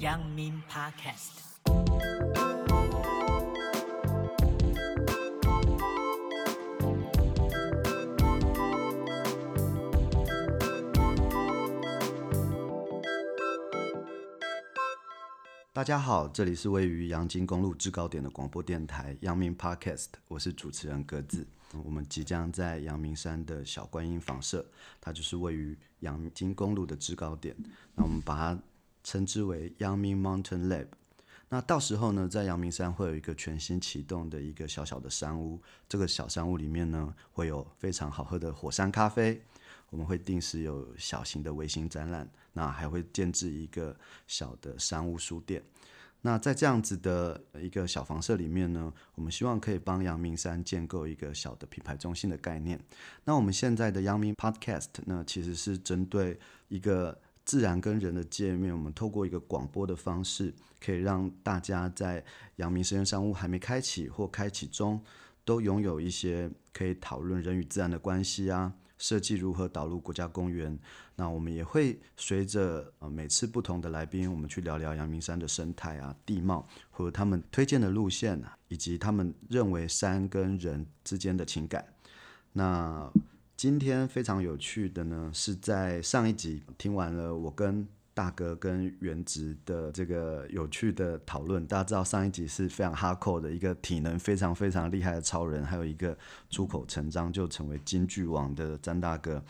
陽明 Podcast，大家好，這裡是位於陽金公路制高點的廣播電台陽明 Podcast，我是主持人格子。我們即將在陽明山的小觀音房舍，它就是位於陽金公路的制高點。那我們把它稱之為陽明 Mountain Lab。那到時候呢，在陽明山會有一個全新啟動的一個小小的山屋。這個小山屋裡面呢，會有非常好喝的火山咖啡。我們會定時有小型的微型展覽。那還會建置一個小的山屋書店。那在這樣子的一個小房舍裡面呢，我們希望可以幫陽明山建構一個小的品牌中心的概念。那我們現在的陽明 Podcast 呢，其實是針對一個自然跟人的界面，我們透過一個廣播的方式，可以讓大家在陽明實驗商務還沒開啟或開啟中，都擁有一些可以討論人與自然的關係啊。設計如何導入國家公園？那我們也會隨着每次不同的來賓，我們去聊聊陽明山的生態啊、地貌，和他們推薦的路線啊，以及他們認為山跟人之間的情感。那今天非常有趣的呢，是在上一集聽完了，我跟。大哥跟原值的這個有趣的討論，大家知道上一集是非常哈扣的一個體能非常非常厲害的超人，還有一個出口成章就成為金句王的詹大哥。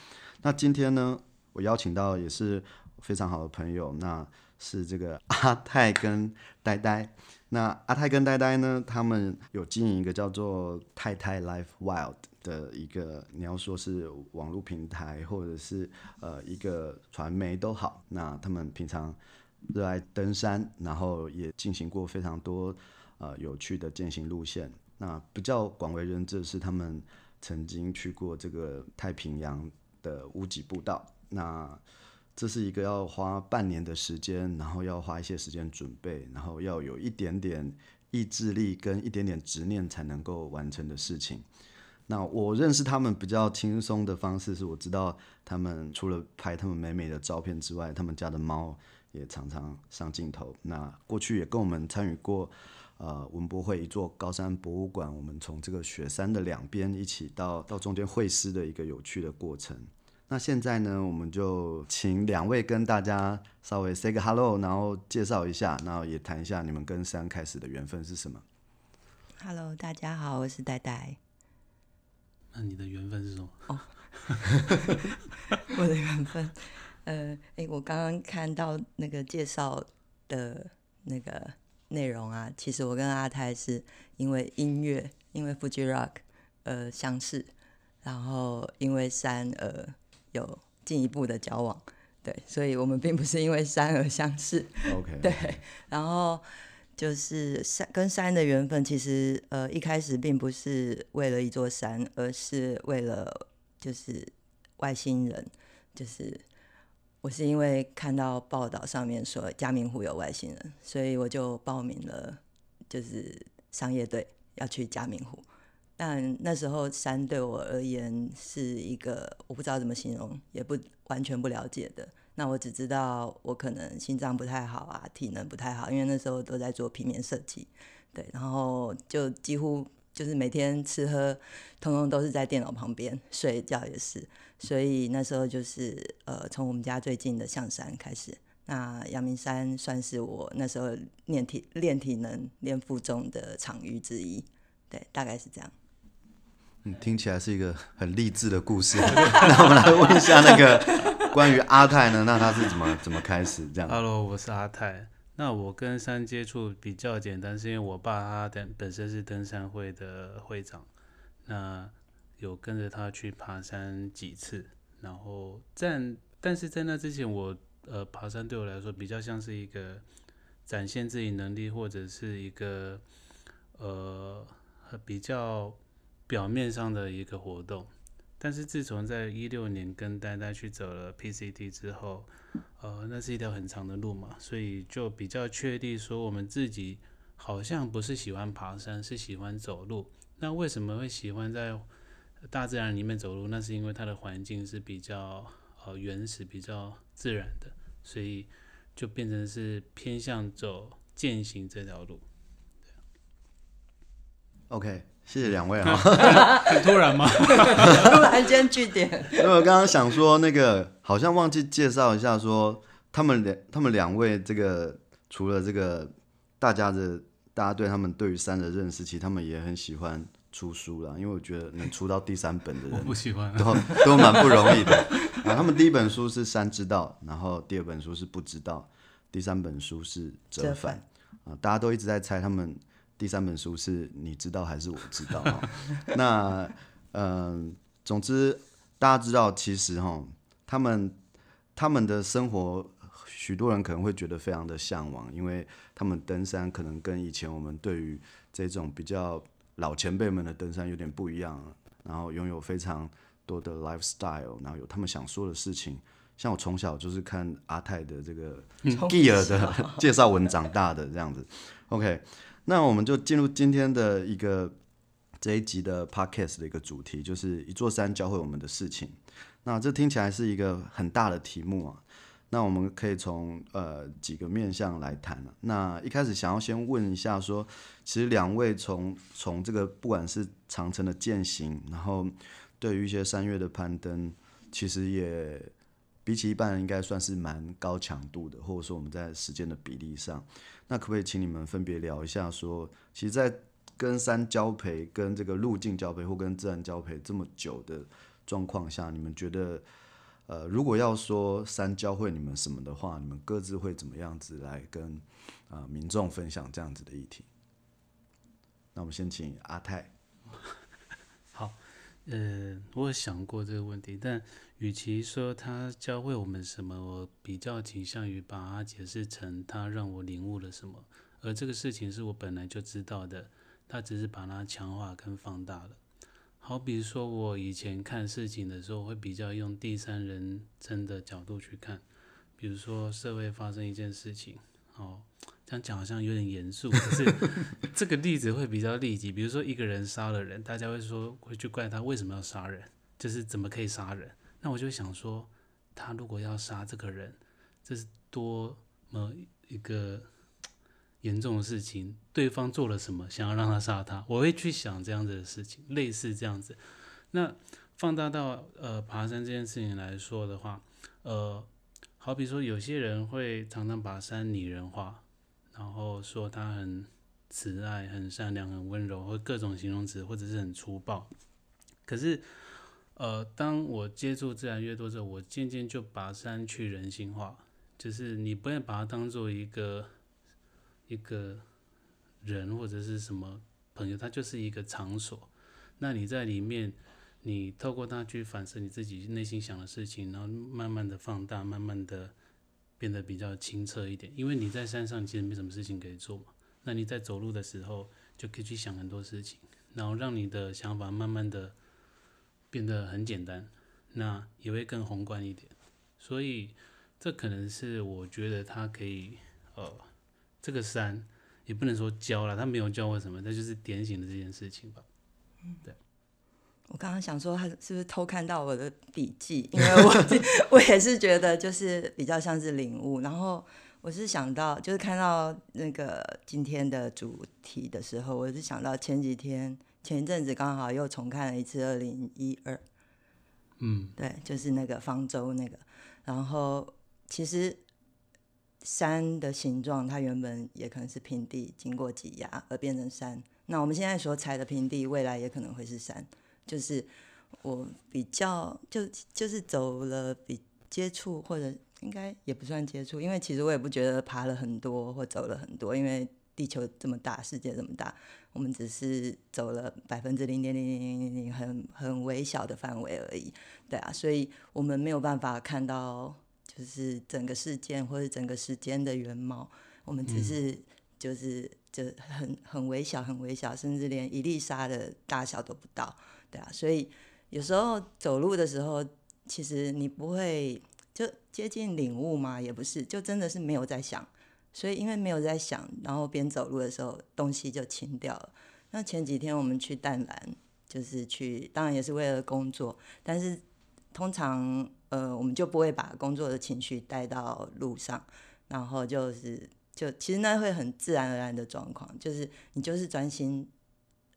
那今天呢，我邀請到也是非常好的朋友，那是這個阿泰跟呆呆。那阿泰跟呆呆呢，他們有經營一個叫做 TaiTai LIVE WILD。的一個，你要說是網絡平台，或者是呃一個傳媒都好，那他們平常熱愛登山，然後也進行過非常多呃有趣的健行路線。那比較廣為人知的是，他們曾經去過這個太平洋的屋脊步道。那這是一個要花半年的時間，然後要花一些時間準備，然後要有一點點意志力跟一點點執念才能夠完成的事情。那我認識他們比較輕鬆的方式，是我知道他們除了拍他們美美的照片之外，他們家的貓也常常上鏡頭。那過去也跟我們參與過，呃，文博會一座高山博物館，我們從這個雪山的兩邊一起到到中間會師的一個有趣的過程。那現在呢，我們就請兩位跟大家稍微 say 個 hello，然後介紹一下，然後也談一下你們跟山開始的緣分是什麼。Hello，大家好，我是呆呆。那你的緣分是什麼？Oh, 我的緣分，呃，哎、欸，我剛剛看到那個介紹的那個內容啊，其實我跟阿泰是因為音樂，因為富 u Rock，呃，相識，然後因為山，而有進一步的交往，對，所以我們並不是因為山而相識。OK，, okay. 對，然後。就是山跟山的緣分，其實呃一開始並不是為了一座山，而是為了就是外星人。就是我是因為看到報道上面說嘉明湖有外星人，所以我就報名了，就是商業隊要去嘉明湖。但那時候山對我而言是一個我不知道怎麼形容，也不完全不了解的。那我只知道我可能心臟不太好啊，體能不太好，因為那時候都在做平面設計，對，然後就幾乎就是每天吃喝，通通都是在電腦旁邊，睡覺也是，所以那時候就是呃，從我們家最近的象山開始，那陽明山算是我那時候練體練體能練負重的場域之一，對，大概是這樣。嗯，聽起來是一個很勵志的故事。 那我們來問一下那個。關於阿泰呢？那他是怎麼 怎麼開始這樣？Hello，我是阿泰。那我跟山接觸比較簡單，是因為我爸他本身是登山會的會長，那有跟着他去爬山幾次。然後在但是在那之前我，我呃爬山對我來說比較像是一個展現自己能力或者是一個呃比較表面上的一個活動。但是自從在一六年跟呆呆去走了 PCT 之後，呃，那是一條很長的路嘛，所以就比較確定說我們自己好像不是喜歡爬山，是喜歡走路。那為什麼會喜歡在大自然裡面走路？那是因為它的環境是比較呃原始、比較自然的，所以就變成是偏向走健行這條路。對，OK。謝謝兩位啊、哦！ 很突然嗎？突然間句點。因為我剛剛想說，那個好像忘記介紹一下，說他們兩，他們兩位這個除了這個大家的，大家對他們對於山的認識，其實他們也很喜歡出書了。因為我覺得能出到第三本的人，我不喜歡、啊都，都都蠻不容易的、 啊。他們第一本書是《山知道》，然後第二本書是《步知道》，第三本書是《折返》啊返、呃！大家都一直在猜他們。第三本書是你知道還是我知道？ 那嗯、呃，總之大家知道，其實哈，他們他們的生活，許多人可能會覺得非常的向往，因為他們登山可能跟以前我們對於這種比較老前輩們的登山有點不一樣，然後擁有非常多的 lifestyle，然後有他們想說的事情。像我從小就是看阿泰的這個 gear 的、啊、 介紹文長大的這樣子。對 OK。那我們就進入今天的一個這一集的 podcast 的一個主題，就是一座山教會我們的事情。那這聽起來是一個很大的題目啊。那我們可以從呃幾個面向來談啊。那一開始想要先問一下說，說其實兩位從從這個不管是長程的健行，然後對於一些山岳的攀登，其實也比起一般應該算是蠻高強度的，或者說我們在時間的比例上。那可不可以請你們分別聊一下？說，其實，在跟山交陪、跟這個路徑交陪或跟自然交陪這麼久的狀況下，你們覺得，呃，如果要說山教會你們什麼的話，你們各自會怎麼樣子來跟啊、呃、民眾分享這樣子的議題？那我們先請阿泰。呃，我有想過這個問題，但與其說他教會我們什麼，我比較傾向於把它解釋成他讓我領悟了什麼。而這個事情是我本來就知道的，他只是把它強化跟放大了。好比如說，我以前看事情的時候，會比較用第三人稱的角度去看，比如說社會發生一件事情，哦。想講好像有點嚴肅，可是這個例子會比較立體。比如說一個人殺了人，大家會說，會去怪他為什麼要殺人，就是怎麼可以殺人？那我就想說，他如果要殺這個人，這是多麼一個嚴重的事情。對方做了什麼，想要讓他殺他？我會去想這樣子的事情，類似這樣子。那放大到呃爬山這件事情來說的話，呃，好比說有些人會常常把山擬人化。然後說他很慈愛、很善良、很溫柔，或各種形容詞，或者是很粗暴。可是，呃，當我接觸自然越多之後，我漸漸就把山去人性化，就是你不要把它當做一個一個人或者是什麼朋友，它就是一個場所。那你在裡面，你透過它去反射你自己內心想的事情，然後慢慢的放大，慢慢的。變得比較清澈一點，因為你在山上其實沒什麼事情可以做嘛。那你在走路的時候，就可以去想很多事情，然後讓你的想法慢慢的變得很簡單，那也會更宏觀一點。所以，這可能是我覺得他可以，呃，這個山也不能說教了，他沒有教我什麼，他就是點醒的這件事情吧。嗯，對。我剛剛想說，他是不是偷看到我的筆記？因為我我也是覺得，就是比較像是領悟。然後我是想到，就是看到那個今天的主題的時候，我是想到前幾天前一陣子剛好又重看了一次二零一二，嗯，對，就是那個方舟那個。然後其實山的形狀，它原本也可能是平地經過擠壓而變成山。那我們現在所踩的平地，未來也可能會是山。就是我比較就就是走了比接觸或者應該也不算接觸，因為其實我也不覺得爬了很多或走了很多，因為地球這麼大，世界這麼大，我們只是走了百分之零點零零零零零很很微小的範圍而已。對啊，所以我們沒有辦法看到就是整個事件或者整個時間的原貌，我們只是就是就很很微小，很微小，甚至連一粒沙的大小都不到。對啊，所以有時候走路的時候，其實你不會就接近領悟嘛，也不是，就真的是沒有在想。所以因為沒有在想，然後邊走路的時候，東西就清掉了。那前幾天我們去淡蘭，就是去，當然也是為了工作，但是通常呃，我們就不會把工作的情緒帶到路上，然後就是就其實那會很自然而然的狀況，就是你就是專心。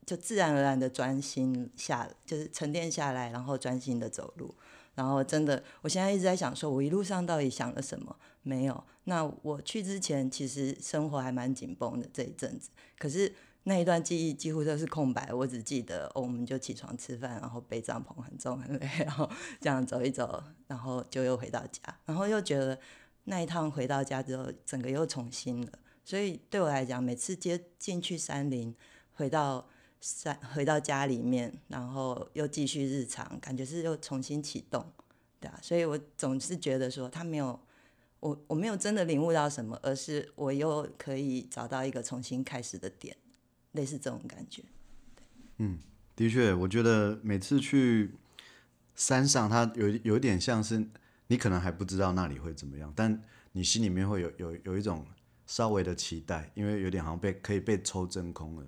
就自然而然的專心下，就是沉澱下來，然後專心的走路，然後真的，我現在一直在想，說我一路上到底想了什麼？沒有。那我去之前，其實生活還蠻緊繃的這一陣子，可是那一段記憶幾乎都是空白，我只記得、哦、我們就起床吃飯，然後背帳篷很重很累，然後這樣走一走，然後就又回到家，然後又覺得那一趟回到家之後，整個又重新了。所以對我來講，每次接進去山林，回到。三回到家裡面，然後又繼續日常，感覺是又重新啟動，對啊，所以我總是覺得說，他沒有我，我沒有真的領悟到什麼，而是我又可以找到一個重新開始的點，類似這種感覺。嗯，的確，我覺得每次去山上，它有有一點像是你可能還不知道那裡會怎麼樣，但你心裡面會有有有一種稍微的期待，因為有點好像被可以被抽真空了。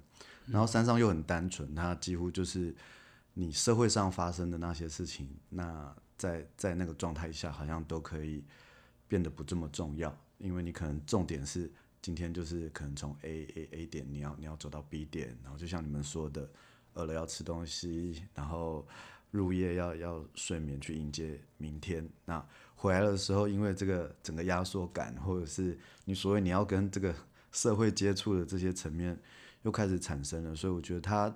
然後山上又很單純，它幾乎就是你社會上發生的那些事情，那在在那個狀態下好像都可以變得不這麼重要，因為你可能重點是今天就是可能從 A A A 點你要你要走到 B 點，然後就像你們說的，餓了要吃東西，然後入夜要要睡眠去迎接明天。那回來的時候，因為這個整個壓縮感，或者是你所謂你要跟這個社會接觸的這些層面，又開始產生了，所以我覺得它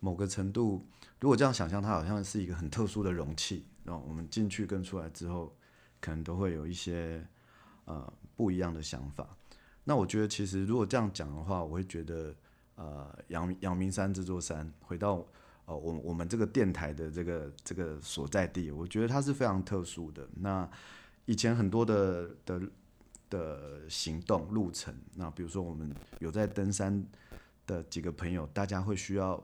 某個程度，如果這樣想象，它好像是一個很特殊的容器。那我們進去跟出來之後，可能都會有一些呃不一樣的想法。那我覺得其實如果這樣講的話，我會覺得呃陽陽明山這座山，回到呃我我們這個電台的這個這個所在地，我覺得它是非常特殊的。那以前很多的的的行動路程，那比如說我們有在登山。的幾個朋友，大家會需要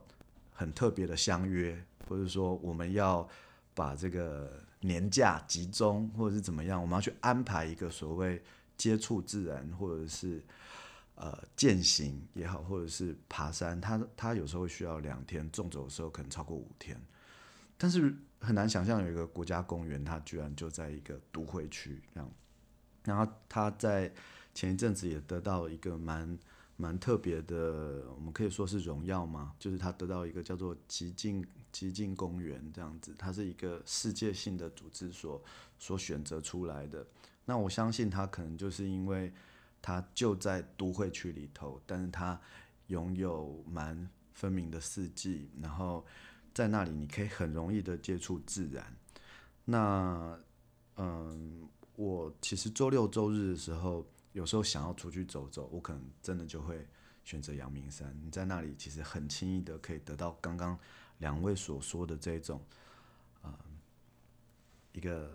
很特別的相約，或者說我們要把這個年假集中，或者是怎麼樣，我們要去安排一個所謂接觸自然，或者是呃健行也好，或者是爬山，他他有時候需要兩天，縱走的時候可能超過五天，但是很難想象有一個國家公園，他居然就在一個都會區，然後他在前一陣子也得到一個蠻。蠻特別的，我們可以說是榮耀嗎？就是他得到一個叫做寂靜寂靜公園這樣子，它是一個世界性的組織所所選擇出來的。那我相信他可能就是因為他就在都會區裡頭，但是他擁有蠻分明的四季，然後在那裡你可以很容易的接觸自然。那嗯，我其實周六周日的時候。有時候想要出去走走，我可能真的就會選擇陽明山。你在那裡其實很輕易的可以得到剛剛兩位所說的這種，呃，一個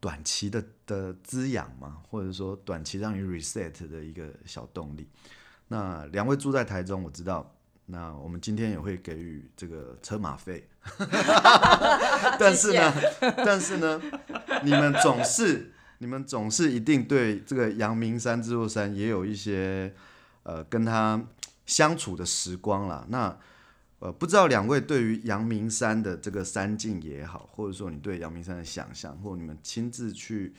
短期的的滋養嘛，或者說短期讓你 reset 的一個小動力。那兩位住在台中，我知道。那我們今天也會給予這個車馬費， 但是呢， 但是呢， 你們總是。你們總是一定對這個陽明山這座山也有一些，呃，跟他相處的時光啦。那，呃，不知道兩位對於陽明山的這個山景也好，或者說你對陽明山的想象，或者你們親自去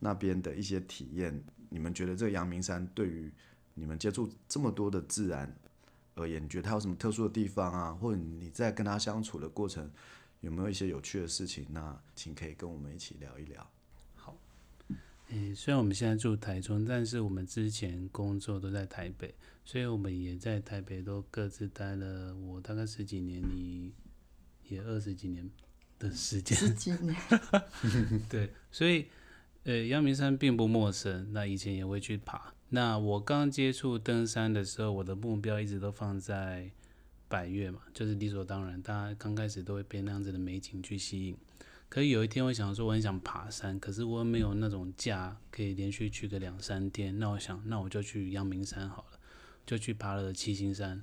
那邊的一些體驗，你們覺得這個陽明山對於你們接觸這麼多的自然而言，你覺得它有什麼特殊的地方啊？或者你在跟他相處的過程有沒有一些有趣的事情？那請可以跟我們一起聊一聊。欸、雖然我們現在住台中，但是我們之前工作都在台北，所以我們也在台北都各自待了我大概十幾年，你也二十幾年的時間。十幾年。 對，所以呃，欸，陽明山並不陌生，那以前也會去爬。那我剛接觸登山的時候，我的目標一直都放在百岳嘛，就是理所當然，大家剛開始都會被那樣子的美景去吸引。可以有一天我想說我很想爬山，可是我沒有那種假可以連續去個兩三天，那我想那我就去陽明山好了，就去爬了七星山。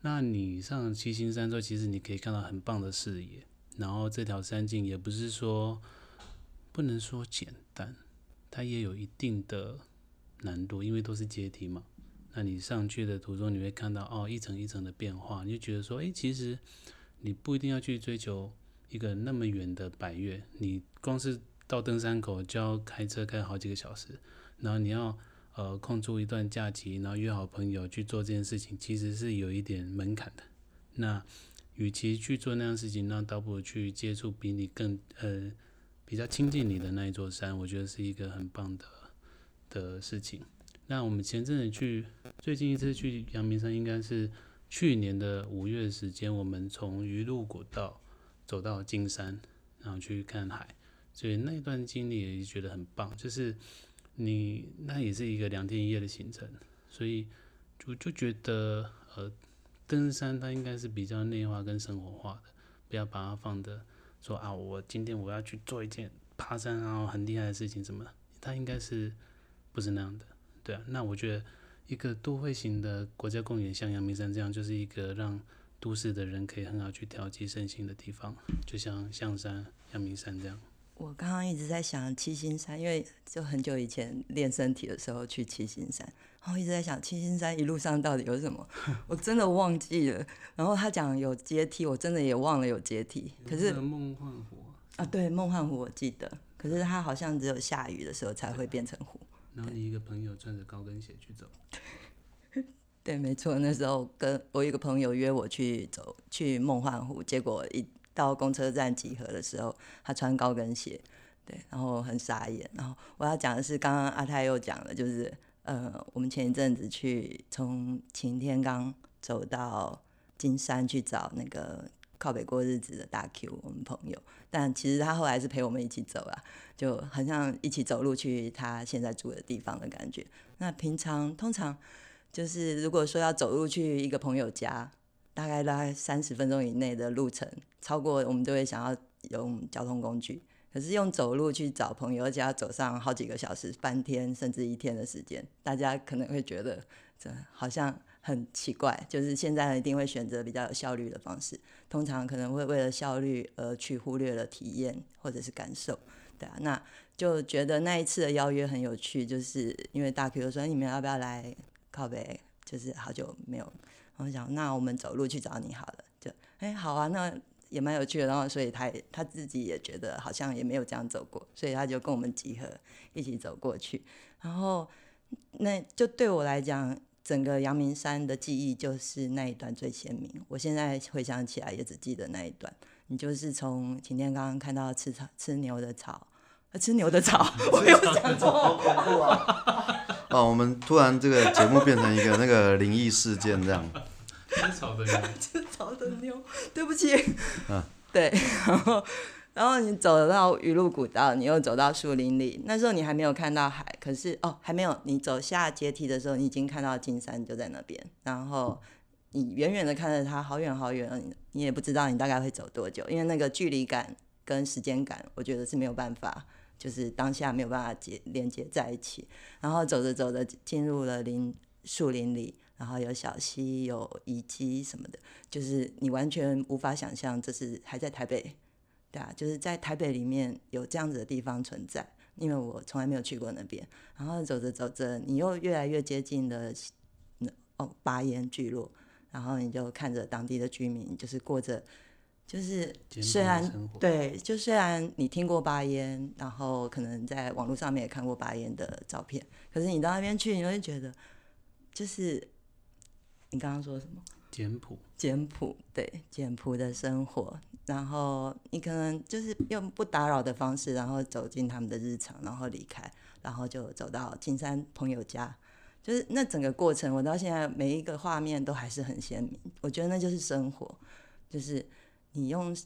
那你上七星山之後，其實你可以看到很棒的視野，然後這條山徑也不是說不能說簡單，它也有一定的難度，因為都是階梯嘛。那你上去的途中你會看到哦一層一層的變化，你就覺得說哎，欸，其實你不一定要去追求。一個那麼遠的百岳，你光是到登山口就要開車開好幾個小時，然後你要呃空出一段假期，然後約好朋友去做這件事情，其實是有一點門檻的。那與其去做那樣事情，那倒不如去接觸比你更呃比較親近你的那一座山，我覺得是一個很棒的的事情。那我們前陣子去，最近一次去陽明山應該是去年的五月時間，我們從魚路古道。走到金山，然後去看海，所以那段經歷也覺得很棒。就是你那也是一個兩天一夜的行程，所以就就覺得呃，登山它應該是比較內化跟生活化的，不要把它放的說啊，我今天我要去做一件爬山啊，然後很厲害的事情什麼，它應該是不是那樣的？對啊，那我覺得一個都會型的國家公園，像陽明山這樣，就是一個讓。都市的人可以很好去調劑身心的地方，就像象山、陽明山這樣。我剛剛一直在想七星山，因為就很久以前練身體的時候去七星山，然後一直在想七星山一路上到底有什麼， 我真的忘記了。然後他講有階梯，我真的也忘了有階梯。可是，夢幻湖啊，啊，對，夢幻湖我記得，可是它好像只有下雨的時候才會變成湖對。然後你一個朋友穿着高跟鞋去走。對，沒錯，那時候跟我一個朋友約我去走去夢幻湖，結果一到公車站集合的時候，他穿高跟鞋，對，然後很傻眼。然後我要講的是，剛剛阿泰又講了，就是呃，我們前一陣子去從擎天崗走到金山去找那個靠北過日子的大 Q，我們朋友，但其實他後來是陪我們一起走啊，就很像一起走路去他現在住的地方的感覺。那平常通常。就是如果說要走路去一個朋友家，大概大概三十分鐘以內的路程，超過我們都會想要用交通工具。可是用走路去找朋友，而且要走上好幾個小時、半天甚至一天的時間，大家可能會覺得這好像很奇怪。就是現在一定會選擇比較有效率的方式，通常可能會為了效率而去忽略了體驗或者是感受，對啊。那就覺得那一次的邀約很有趣，就是因為大 Q 說，你們要不要來。靠北就是好久沒有。我想，那我們走路去找你好了。就，哎、欸，好啊，那也蠻有趣的。然後，所以他也他自己也覺得好像也沒有這樣走過，所以他就跟我們集合，一起走過去。然後，那就對我來講，整個陽明山的記憶就是那一段最鮮明。我現在回想起來，也只記得那一段。你就是從晴天剛剛看到吃草吃牛的草，吃牛的草，我又想說，好恐怖啊！哦，我們突然這個節目變成一個那個靈異事件這樣。吃草 的牛，吃草的牛，對不起。啊、對。然後，然後你走到魚路古道，你又走到樹林裡。那時候你還沒有看到海，可是哦還沒有，你走下階梯的時候，你已經看到金山就在那邊。然後你遠遠的看着它，好遠好遠，你你也不知道你大概會走多久，因為那個距離感跟時間感，我覺得是沒有辦法。就是當下沒有辦法連結連接在一起，然後走着走着進入了林樹林裡，然後有小溪，有遺跡什麼的，就是你完全無法想象這是還在台北，對啊，就是在台北裡面有這樣子的地方存在，因為我從來沒有去過那邊。然後走着走着，你又越來越接近了哦八煙聚落，然後你就看着當地的居民就是過着。就是雖然對，就雖然你聽過八煙，然後可能在網絡上面也看過八煙的照片，可是你到那邊去，你會覺得就是你剛剛說什麼？簡樸，簡樸，對，簡樸的生活。然後你可能就是用不打擾的方式，然後走進他們的日常，然後離開，然後就走到金山朋友家，就是那整個過程，我到現在每一個畫面都還是很鮮明。我覺得那就是生活，就是。你用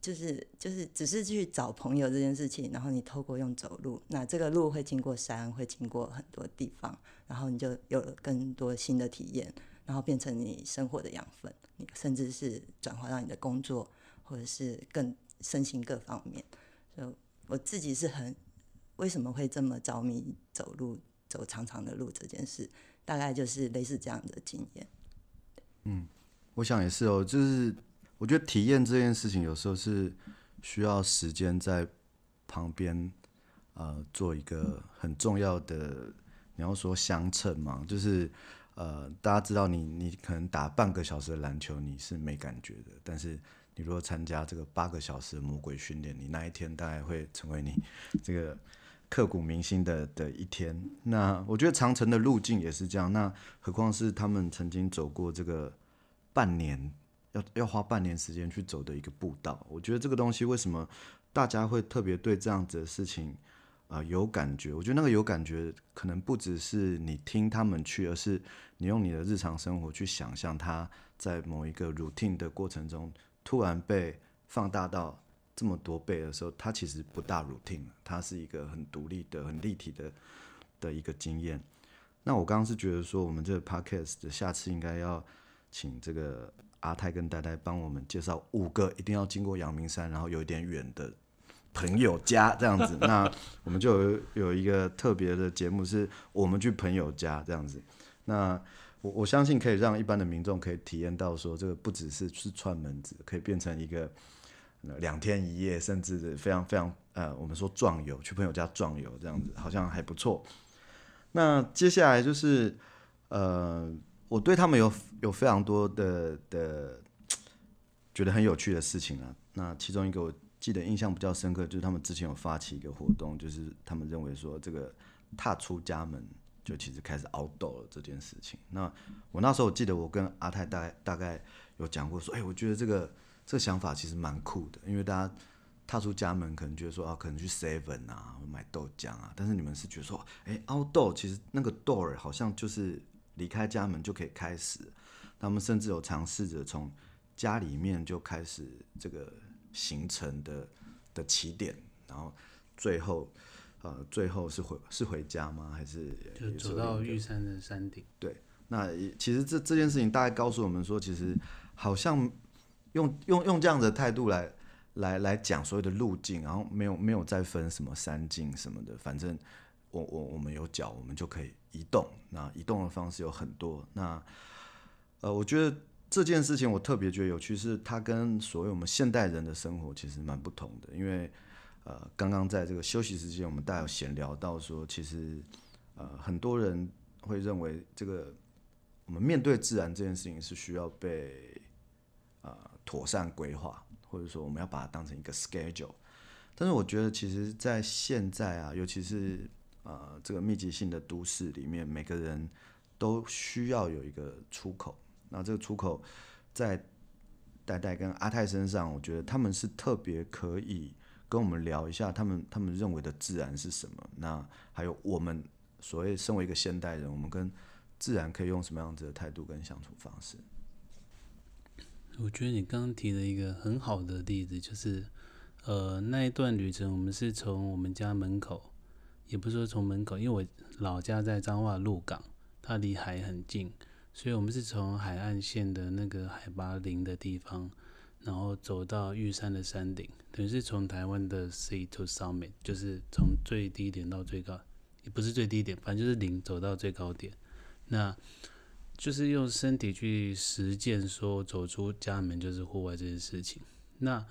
就是就是只是去找朋友這件事情，然後你透過用走路，那這個路會經過山，會經過很多地方，然後你就有了更多新的體驗，然後變成你生活的養分，你甚至是轉化到你的工作或者是更身心各方面。所以我自己是很為什麼會這麼着迷走路、走長長的路這件事，大概就是類似這樣的經驗。嗯，我想也是哦，就是。我覺得體驗這件事情有時候是需要時間在旁邊，呃，做一個很重要的。你要說相稱嘛，就是呃，大家知道你你可能打半個小時的籃球你是沒感覺的，但是你如果參加這個八個小時的魔鬼訓練，你那一天大概會成為你這個刻骨銘心的的一天。那我覺得長程的路徑也是這樣，那何況是他們曾經走過這個半年。要要花半年時間去走的一個步道，我覺得這個東西為什麼大家會特別對這樣子的事情，啊、呃、有感覺？我覺得那個有感覺，可能不只是你聽他們去，而是你用你的日常生活去想象，他在某一個 routine 的過程中，突然被放大到這麼多倍的時候，他其實不大 routine，它他是一個很獨立的、很立體的的一個經驗。那我剛剛是覺得說，我們這個 podcast 下次應該要請這個。阿泰跟呆呆幫我們介紹五個一定要經過陽明山，然後有一點遠的朋友家這樣子。那我們就有，有一個特別的節目，是我們去朋友家這樣子。那我我相信可以讓一般的民眾可以體驗到，說這個不只是是串門子，可以變成一個兩天一夜，甚至非常非常呃，我們說壯遊，去朋友家壯遊這樣子，好像還不錯。那接下來就是呃。我對他們有有非常多的的覺得很有趣的事情啊。那其中一個我記得印象比較深刻，就是他們之前有發起一個活動，就是他們認為說這個踏出家門就其實開始熬 u 了這件事情。那我那時候我記得我跟阿泰大概大概有講過說，哎、欸，我覺得這個這個想法其實蠻酷的，因為大家踏出家門可能覺得說啊，可能去 seven 啊，買豆漿啊，但是你們是覺得說，哎、欸，熬 u 其實那個 d 兒好像就是。離開家門就可以開始，他們甚至有嘗試着從家裡面就開始這個行程的的起點，然後最後呃最後是回是回家嗎？還是就走到玉山的山頂？對，那其實這這件事情大概告訴我們說，其實好像用用用這樣子的態度來來來講所有的路徑，然後沒有沒有再分什麼山徑什麼的，反正，我我我們有腳，我們就可以移動。那移動的方式有很多。那呃，我覺得這件事情我特別覺得有趣，是它跟所有我們現代人的生活其實蠻不同的。因為呃，剛剛在這個休息時間，我們大家有閒聊到說，其實呃很多人會認為這個我們面對自然這件事情是需要被呃妥善規劃，或者說我們要把它當成一個 schedule。但是我覺得，其實，在現在啊，尤其是呃，這個密集性的都市裡面，每個人都需要有一個出口。那這個出口，在呆呆跟阿泰身上，我覺得他們是特別可以跟我們聊一下，他們他們認為的自然是什麼。那還有我們所謂身為一個現代人，我們跟自然可以用什麼樣子的態度跟相處方式？我覺得你剛剛提了一個很好的例子，就是呃，那一段旅程，我們是從我們家門口。也不是說從門口，因為我老家在彰化鹿港，它離海很近，所以我們是從海岸線的那個海拔零的地方，然後走到玉山的山頂，等於是從台灣的 sea to summit，就是從最低點到最高，也不是最低點，反正就是零走到最高點，那就是用身體去實踐說走出家門就是戶外這件事情。那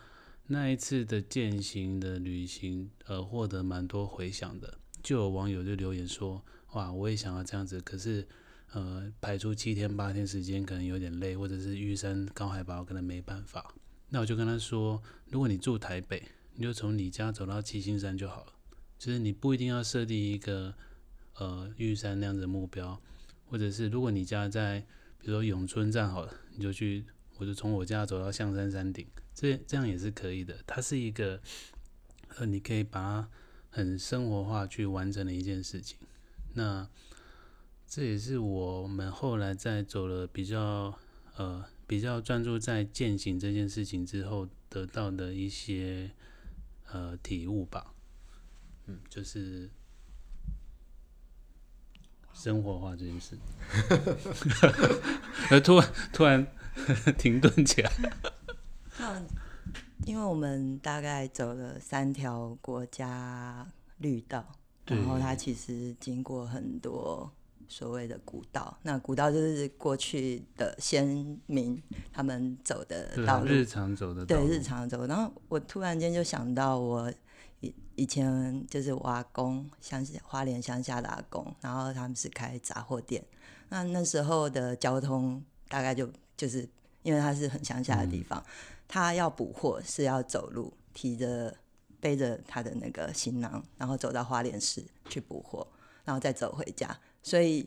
那一次的踐行的旅行，呃，獲得蠻多回響的。就有網友就留言說：“哇，我也想要這樣子，可是，呃，排出七天八天時間可能有點累，或者是玉山高海拔，我可能沒辦法。”那我就跟他說：“如果你住台北，你就從你家走到七星山就好了。就是你不一定要設定一個，呃，玉山那樣子的目標，或者是如果你家在，比如說永春站好了，你就去，我就從我家走到象山山頂，這這樣也是可以的。它是一個，呃，你可以把它。”很生活化去完成的一件事情，那這也是我們後來在走了比較呃、比較專注在踐行這件事情之後得到的一些呃、體悟吧。嗯，就是生活化這件事。突然突然停頓起來。嗯因為我們大概走了三條國家綠道，對然後它其實經過很多所謂的古道。那古道就是過去的先民他們走的道路，對日常走的路。對，日常走。然後我突然間就想到，我以以前就是我阿公，像是花蓮鄉下的阿公，然後他們是開雜貨店。那那時候的交通大概就就是因為它是很鄉下的地方。嗯他要補貨是要走路，提着背着他的那個行囊，然後走到花蓮市去補貨，然後再走回家，所以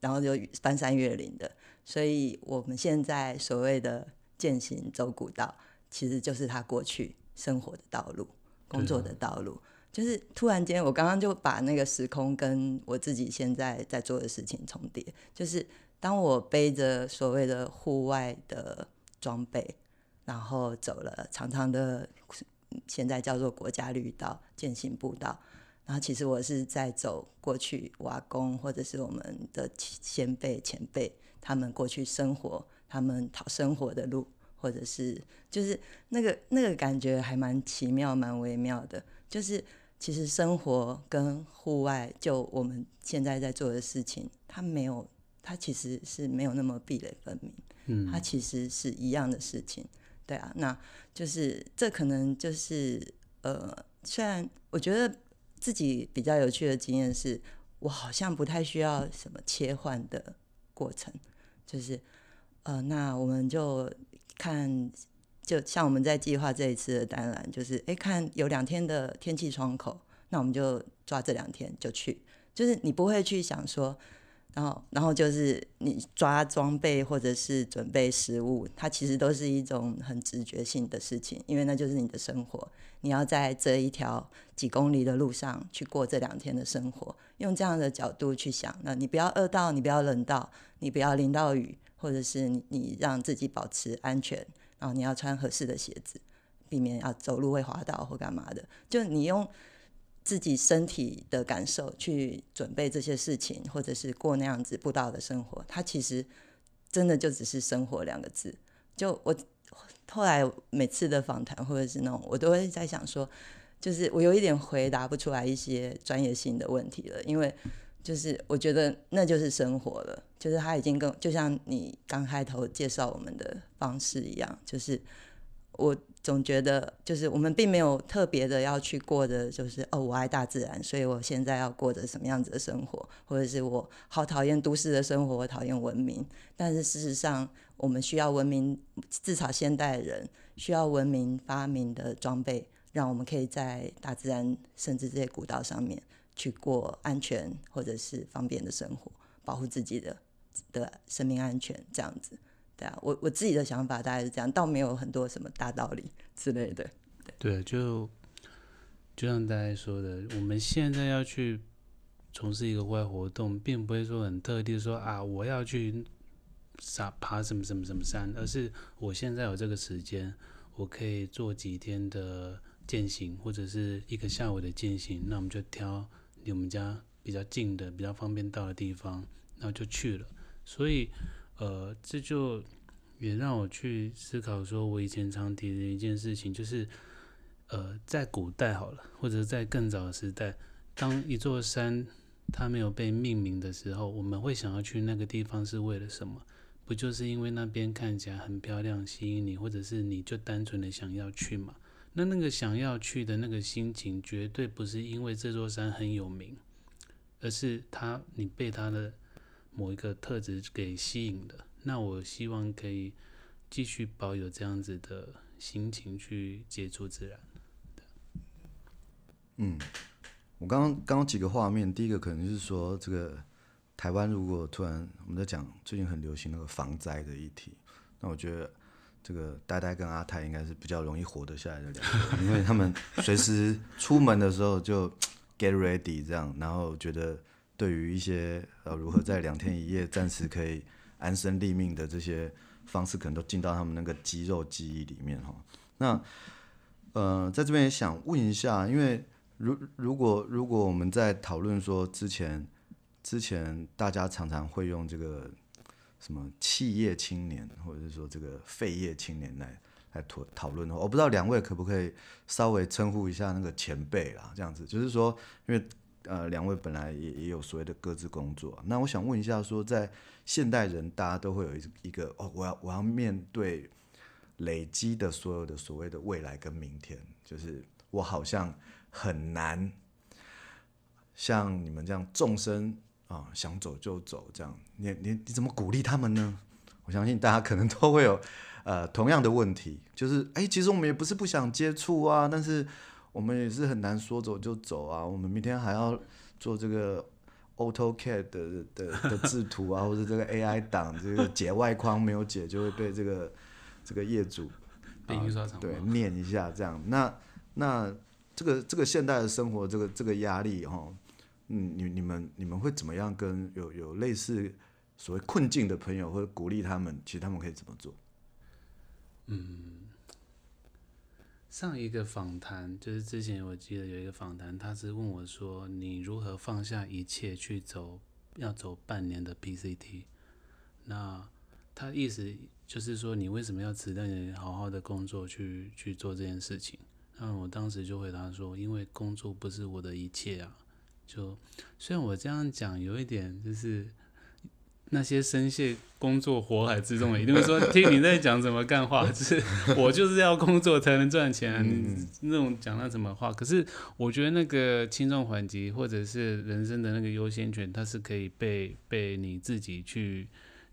然後就翻山越嶺的。所以我們現在所謂的健行走古道，其實就是他過去生活的道路、工作的道路。對啊、就是突然間，我剛剛就把那個時空跟我自己現在在做的事情重疊。就是當我背着所謂的戶外的裝備。然後走了長長的，現在叫做國家綠道、健行步道。然後其實我是在走過去，瓦工或者是我們的先輩前輩他們過去生活、他們討生活的路，或者是就是那個那個感覺還蠻奇妙、蠻微妙的。就是其實生活跟戶外，就我們現在在做的事情，它沒有，它其實是沒有那麼壁壘分明。嗯，它其實是一樣的事情。對啊，那就是這可能就是呃，雖然我覺得自己比較有趣的經驗是，我好像不太需要什麼切換的過程，就是呃，那我們就看，就像我們在計劃這一次的單欄，就是哎，看有兩天的天氣窗口，那我們就抓這兩天就去，就是你不會去想說。然後，然後就是你抓裝備或者是準備食物，它其實都是一種很直覺性的事情，因為那就是你的生活。你要在這一條幾公里的路上去過這兩天的生活，用這樣的角度去想，那你不要餓到，你不要冷到，你不要淋到雨，或者是你，你讓自己保持安全，然後你要穿合適的鞋子，避免要走路會滑倒或幹嘛的。就你用。自己身體的感受去準備這些事情，或者是過那樣子步道的生活，它其實真的就只是“生活”兩個字。就我後來每次的訪談或者是那種，我都會在想說，就是我有一點回答不出來一些專業性的問題了，因為就是我覺得那就是生活了，就是他已經跟就像你剛開頭介紹我們的方式一樣，就是。我總覺得，就是我們並沒有特別的要去過的，就是哦，我愛大自然，所以我現在要過着什麼樣子的生活，或者是我好討厭都市的生活，我討厭文明。但是事實上，我們需要文明，至少現代人需要文明發明的裝備，讓我們可以在大自然甚至這些古道上面去過安全或者是方便的生活，保護自己的的生命安全，這樣子。我我自己的想法大概是這樣，倒沒有很多什麼大道理之類的。對，對就就像大家說的，我們現在要去從事一個戶外活動，並不會說很特地說啊，我要去上爬什麼什麼什麼山，而是我現在有這個時間，我可以做幾天的健行，或者是一個下午的健行，那我們就挑離我們家比較近的、比較方便到的地方，然後就去了。所以。呃，這就也讓我去思考，說我以前常提的一件事情，就是，呃，在古代好了，或者在更早的時代，當一座山它沒有被命名的時候，我們會想要去那個地方是為了什麼？不就是因為那邊看起來很漂亮，吸引你，或者是你就單純的想要去嘛？那那個想要去的那個心情，絕對不是因為這座山很有名，而是它你被它的。某一個特質給吸引的，那我希望可以繼續保有這樣子的心情去接觸自然。嗯，我剛剛剛幾個畫面，第一個可能是說這個台灣如果，突然我們在講最近很流行那個防災的議題，那我覺得這個呆呆跟阿泰應該是比較容易活得下來的兩個人， 因為他們隨時出門的時候就 get ready 這樣，然後覺得。對於一些呃，如何在兩天一夜暫時可以安身立命的這些方式，可能都進到他們那個肌肉記憶裡面哈。那呃，在這邊也想問一下，因為如如果如果我們在討論說之前之前大家常常會用這個什麼企業青年，或者是說這個廢業青年來來討討論的話，我不知道兩位可不可以稍微稱呼一下那個前輩啊？這樣子，就是說因為。呃，兩位本來也也有所謂的各自工作，那我想問一下，說在現代人，大家都會有一一個哦，我要我要面對累積的所有的所謂的未來跟明天，就是我好像很難像你們這樣眾生啊、哦，想走就走這樣，你你你怎麼鼓勵他們呢？我相信大家可能都會有呃同樣的問題，就是哎、欸，其實我們也不是不想接觸啊，但是。我們也是很難說走就走啊，我們明天還要做這個 AutoCAD 的的,的制圖啊， 或者這個 AI 檔，這個就是解外框沒有解就會被這個這個業主對，念一下這樣。那那這個這個現代的生活這個這個壓力哦，嗯，你你們你們會怎麼樣跟有有類似所謂困境的朋友或者鼓勵他們，其實他們可以怎麼做？嗯。上一個訪談就是之前我記得有一個訪談，他是問我說：“你如何放下一切去走，要走半年的 PCT？” 那他意思就是說，你為什麼要辭掉你好好的工作去去做這件事情？那我當時就回答說：“因為工作不是我的一切啊。就”就雖然我這樣講，有一點就是。那些深陷工作火海之中，一定會說聽你在講怎麼幹話， 就是我就是要工作才能賺錢啊，嗯嗯你那種講那什麼話。可是我覺得那個輕重緩急，或者是人生的那個優先權，它是可以被被你自己去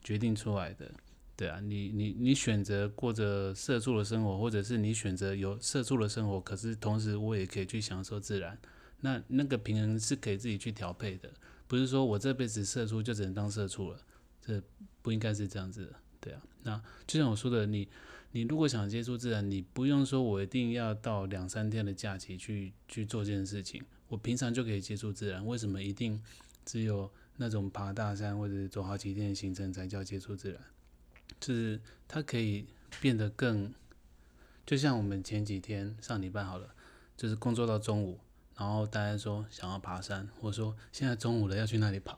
決定出來的。對啊，你你你選擇過着社畜的生活，或者是你選擇有社畜的生活，可是同時我也可以去享受自然，那那個平衡是可以自己去調配的。不是說我這輩子社畜就只能當社畜了，這不應該是這樣子的，對啊。那就像我說的，你你如果想接觸自然，你不用說我一定要到兩三天的假期去去做這件事情，我平常就可以接觸自然。為什麼一定只有那種爬大山或者是走好幾天的行程才叫接觸自然？就是它可以變得更，就像我們前幾天上禮拜好了，就是工作到中午。然後大家說想要爬山，或者說現在中午了，要去哪裡爬？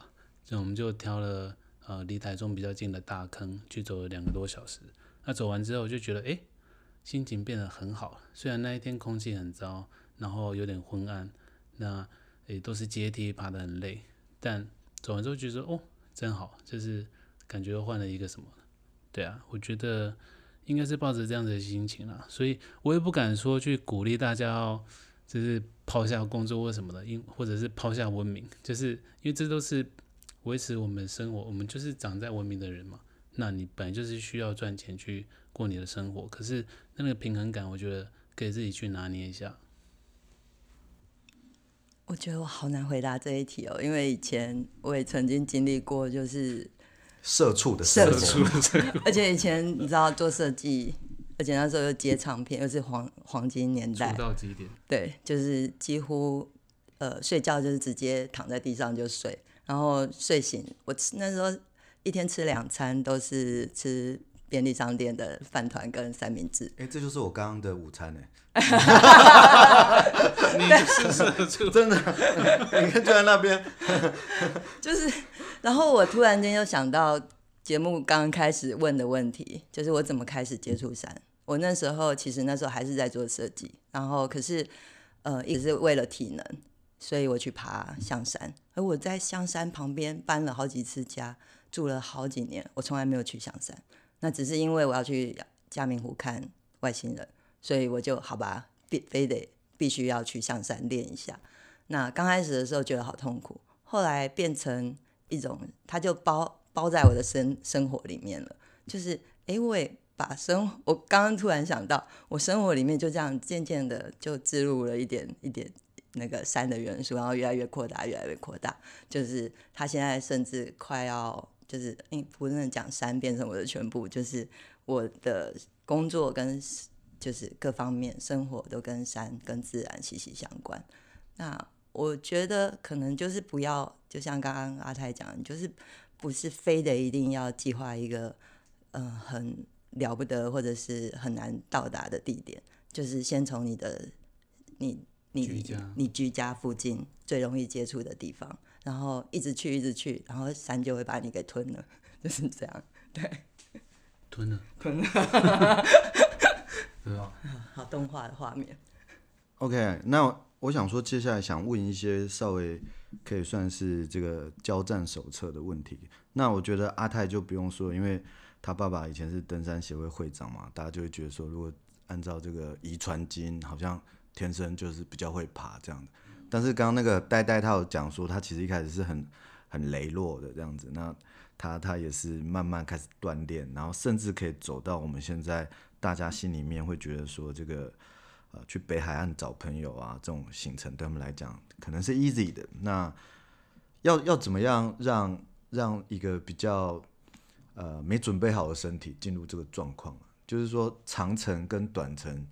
所以我們就挑了呃離台中比較近的大坑，去走了兩個多小時。那走完之後我就覺得哎，心情變得很好。雖然那一天空氣很糟，然後有點昏暗，那也都是階梯爬得很累，但走完之後就覺得哦真好，就是感覺換了一個什麼？對啊，我覺得應該是抱着這樣子的心情啦。所以我也不敢說去鼓勵大家哦。就是拋下工作或什麼的，因，或者是拋下文明，就是因為這都是維持我們生活。我們就是長在文明的人嘛，那你本來就是需要賺錢去過你的生活，可是那個平衡感，我覺得可以自己去拿捏一下。我覺得我好難回答這一題哦，因為以前我也曾經經歷過，就是社畜的社畜的，而且以前你知道做設計。 而且那時候又接唱片，又是黃黃金年代。住到幾點？對，就是幾乎，呃，睡覺就是直接躺在地上就睡，然後睡醒，我吃那時候一天吃兩餐，都是吃便利商店的飯糰跟三明治。哎、欸，這就是我剛剛的午餐呢？是 真的？ 你看就在那邊， 就是。然後我突然間又想到節目剛，剛開始問的問題，就是我怎麼開始接觸山？我那時候其實，那時候還是在做設計，然後可是呃，也是為了體能，所以我去爬象山。而我在象山旁邊搬了好幾次家，住了好幾年，我從來沒有去象山。那只是因為我要去嘉明湖看外星人，所以我就好吧，必非得必須要去象山練一下。那剛開始的時候覺得好痛苦，後來變成一種，它就包包在我的生生活裡面了，就是哎我。欸因為把生活，我剛剛突然想到，我生活裡面就這樣漸漸的就置入了一點一點那個山的元素，然後越來越擴大，越來越擴大。就是他現在甚至快要就是、欸，不能講山變成我的全部，就是我的工作跟就是各方面生活都跟山跟自然息息相關。那我覺得可能就是不要，就像剛剛阿泰講，就是不是非得一定要計劃一個嗯很。了不得，或者是很難到達的地點，就是先從你的你你居家你居家附近最容易接觸的地方，然後一直去，一直去，然後山就會把你給吞了，就是這樣。對，吞了，吞了，是嗎？好動畫的畫面。OK，那我想說，接下來想問一些稍微可以算是這個交戰手冊的問題。那我覺得阿泰就不用說，因為。他爸爸以前是登山協會會長嘛，大家就會覺得說，如果按照這個遺傳基因，好像天生就是比較會爬這樣。但是剛剛那個呆呆他有講說，他其實一開始是很很羸弱的這樣子，那他他也是慢慢開始鍛鍊，然後甚至可以走到我們現在大家心裡面會覺得說，這個呃去北海岸找朋友啊這種行程，對他們來講可能是 easy 的。那要要怎麼樣讓讓一個比較？呃，沒準備好的身體進入這個狀況，就是說長程跟短程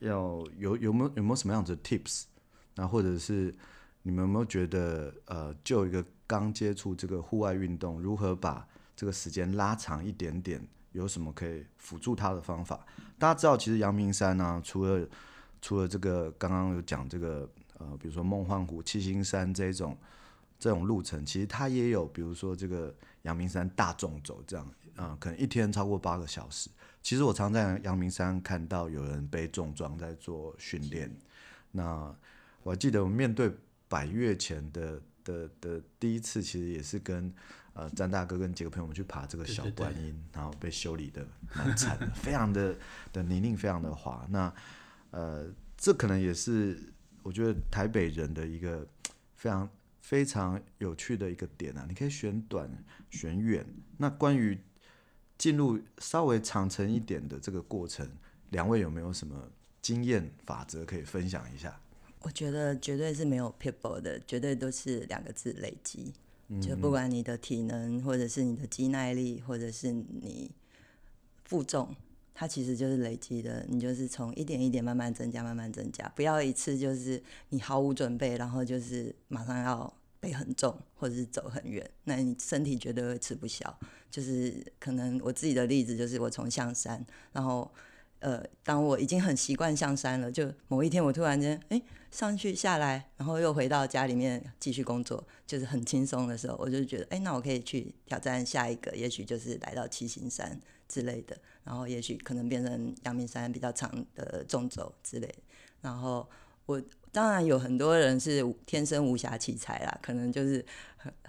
要有，有沒有有沒有什麼樣子的 tips？那或者是你們有沒有覺得呃，就一個剛接觸這個戶外運動，如何把這個時間拉長一點點，有什麼可以輔助他的方法？大家知道，其實陽明山呢、啊，除了除了這個剛剛有講這個呃，比如說夢幻湖、七星山這種這種路程，其實它也有，比如說這個。陽明山大眾走這樣，啊、呃，可能一天超過八個小時。其實我常在陽明山看到有人背重裝在做訓練。那我記得我們面對百岳前的的的，的第一次，其實也是跟呃張大哥跟幾個朋友們去爬這個小觀音，對對對，然後被修理的蠻慘的，非常的 的泥濘，非常的滑。那呃，這可能也是我覺得台北人的一個非常。非常有趣的一個點啊，你可以選短選遠。那關於進入稍微長程一點的這個過程，兩位有沒有什麼經驗法則可以分享一下？我覺得絕對是沒有撇步的，絕對都是兩個字累積，就不管你的體能，或者是你的肌耐力，或者是你負重。它其實就是累積的，你就是從一點一點慢慢增加，慢慢增加，不要一次就是你毫無準備，然後就是馬上要背很重或者是走很遠，那你身體絕對會吃不消。就是可能我自己的例子就是我從象山，然後呃，當我已經很習慣象山了，就某一天我突然間，哎，上去下來，然後又回到家裡面繼續工作，就是很輕鬆的時候，我就覺得，哎，那我可以去挑戰下一個，也許就是來到七星山。之類的，然後也許可能變成陽明山比較長的中軸之類。然後我當然有很多人是天生無瑕奇才啦，可能就是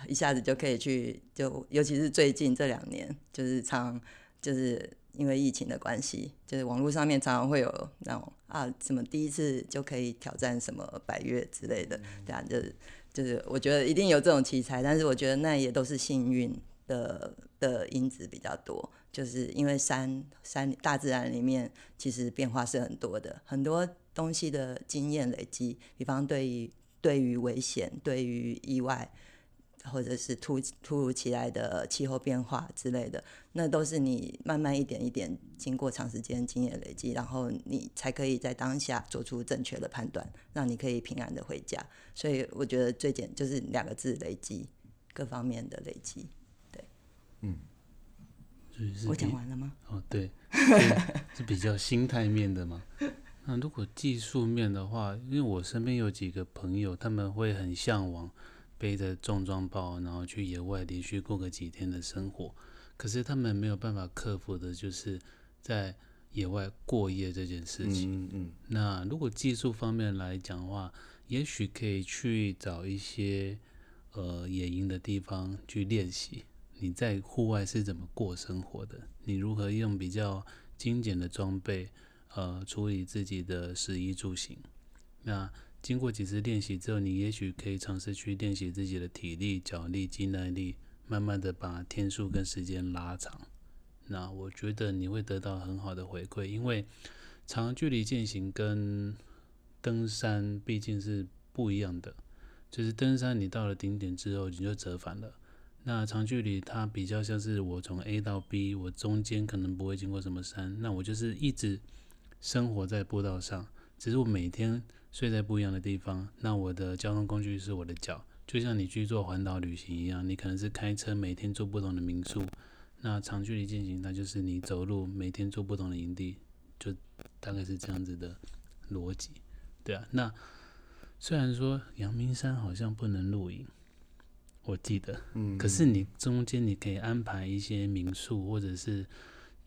一下子就可以去，就尤其是最近這兩年，就是常就是因為疫情的關係，就是網絡上面常常會有那種啊，什麼第一次就可以挑戰什麼百岳之類的，對啊，就是就是我覺得一定有這種奇才，但是我覺得那也都是幸運的的因子比較多。就是因為山、山大自然裡面其實變化是很多的，很多東西的經驗累積，比方對於、對於危險、對於意外，或者是突突如其來的氣候變化之類的，那都是你慢慢一點一點經過長時間經驗累積，然後你才可以在當下做出正確的判斷，讓你可以平安的回家。所以我覺得最簡就是兩個字：累積，各方面的累積。我講完了嗎？哦對，對，是比較心態面的嘛。那如果技術面的話，因為我身邊有幾個朋友，他們會很向往背着重裝包，然後去野外連續過個幾天的生活。可是他們沒有辦法克服的就是在野外過夜這件事情。嗯。嗯，那如果技術方面來講的話，也許可以去找一些呃野營的地方去練習。你在戶外是怎麼過生活的？你如何用比較精簡的裝備，呃，處理自己的食衣住行？那經過幾次練習之後，你也許可以嘗試去練習自己的體力、腳力、肌耐力，慢慢的把天數跟時間拉長。那我覺得你會得到很好的回饋，因為長距離健行跟登山畢竟是不一樣的。就是登山，你到了頂點之後，你就折返了。那長距離它比較像是我從 A 到 B，我中間可能不會經過什麼山，那我就是一直生活在步道上，只是我每天睡在不一樣的地方。那我的交通工具是我的腳，就像你去做環島旅行一樣，你可能是開車，每天住不同的民宿。那長距離進行，它就是你走路，每天住不同的營地，就大概是這樣子的邏輯。對啊，那雖然說陽明山好像不能露營。我記得，嗯，可是你中間你可以安排一些民宿，或者是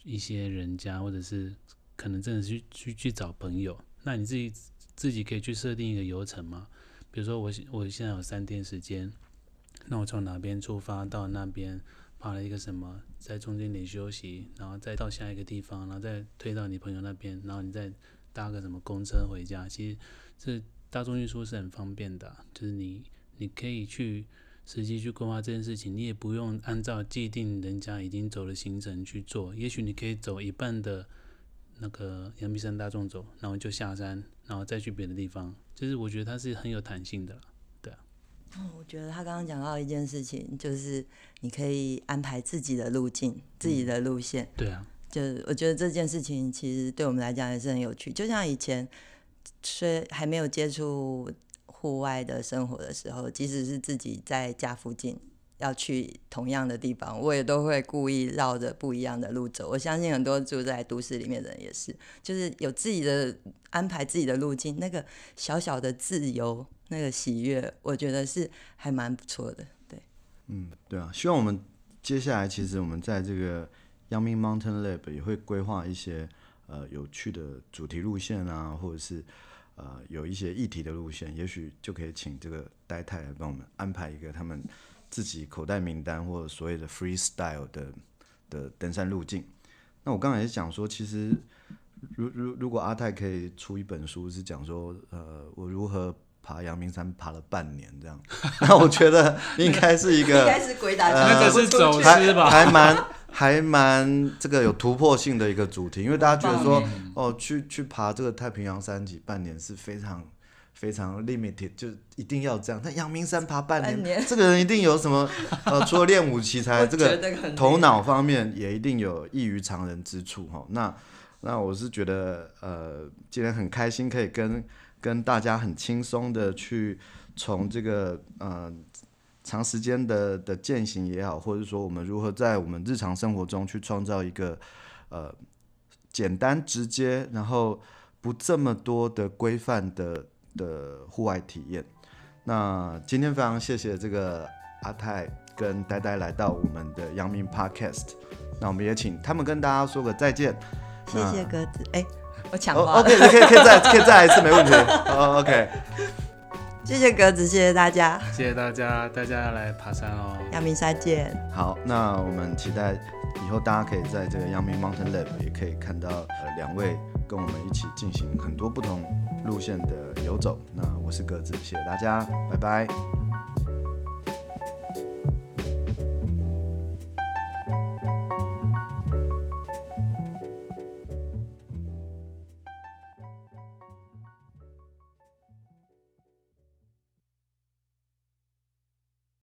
一些人家，或者是可能真的是去去去找朋友。那你自己自己可以去設定一個遊程嘛？比如說我我現在有三天時間，那我從哪邊出發到那邊，爬了一個什麼，在中間點休息，然後再到下一個地方，然後再推到你朋友那邊，然後你再搭個什麼公車回家。其實這大眾運輸是很方便的，就是你你可以去。實際去規劃這件事情，你也不用按照既定人家已經走的行程去做。也許你可以走一半的那個陽明山大縱走，然後就下山，然後再去別的地方。就是我覺得它是很有彈性的，對啊。嗯，我覺得他剛剛講到一件事情，就是你可以安排自己的路徑，自己的路線。嗯，對啊。就是我覺得這件事情其實對我們來講也是很有趣。就像以前，雖還沒有接觸。戶外的生活的時候，即使是自己在家附近要去同樣的地方，我也都會故意繞着不一樣的路走。我相信很多住在都市裡面的人也是，就是有自己的安排自己的路徑，那個小小的自由，那個喜悅，我覺得是還蠻不錯的。對，嗯，對啊，希望我們接下來，其實我們在這個 Yangming Mountain Lab 也會規劃一些呃有趣的主題路線啊，或者是。呃，有一些議題的路線，也許就可以請這個呆泰來幫我們安排一個他們自己口袋名單或者所謂的 freestyle 的的登山路徑。那我剛才也講說，其實如如如果阿泰可以出一本書，是講說，呃，我如何。爬陽明山爬了半年這樣， 那我覺得應該是一個 應該是鬼打牆、呃、應是走失還吧？還蠻滿 還蠻這個有突破性的一個主題，因為大家覺得說面哦，去去爬這個太平洋山脊半年是非常非常 limited，就一定要這樣。但陽明山爬半年，半年這個人一定有什麼呃，除了練武奇才，這個 頭腦方面也一定有異於常人之處。哈，那那我是覺得呃，今天很開心可以跟。跟大家很輕鬆的去從這個嗯、呃、長時間的的健行也好，或者說我們如何在我們日常生活中去創造一個呃簡單直接，然後不這麼多的規範的的戶外體驗。那今天非常謝謝這個阿泰跟呆呆來到我們的陽明 Podcast，那我們也請他們跟大家說個再見。謝謝鴿子，哎。我搶話。OK，可以 可以再可以再來一次，沒問題。 oh, OK，謝謝格子，謝謝大家， 謝謝大家，大家來爬山哦。陽明山見。好，那我們期待以後大家可以在這個陽明 Mountain Lab 也可以看到、呃、兩位跟我們一起進行很多不同路線的遊走。那我是格子，謝謝大家，拜拜。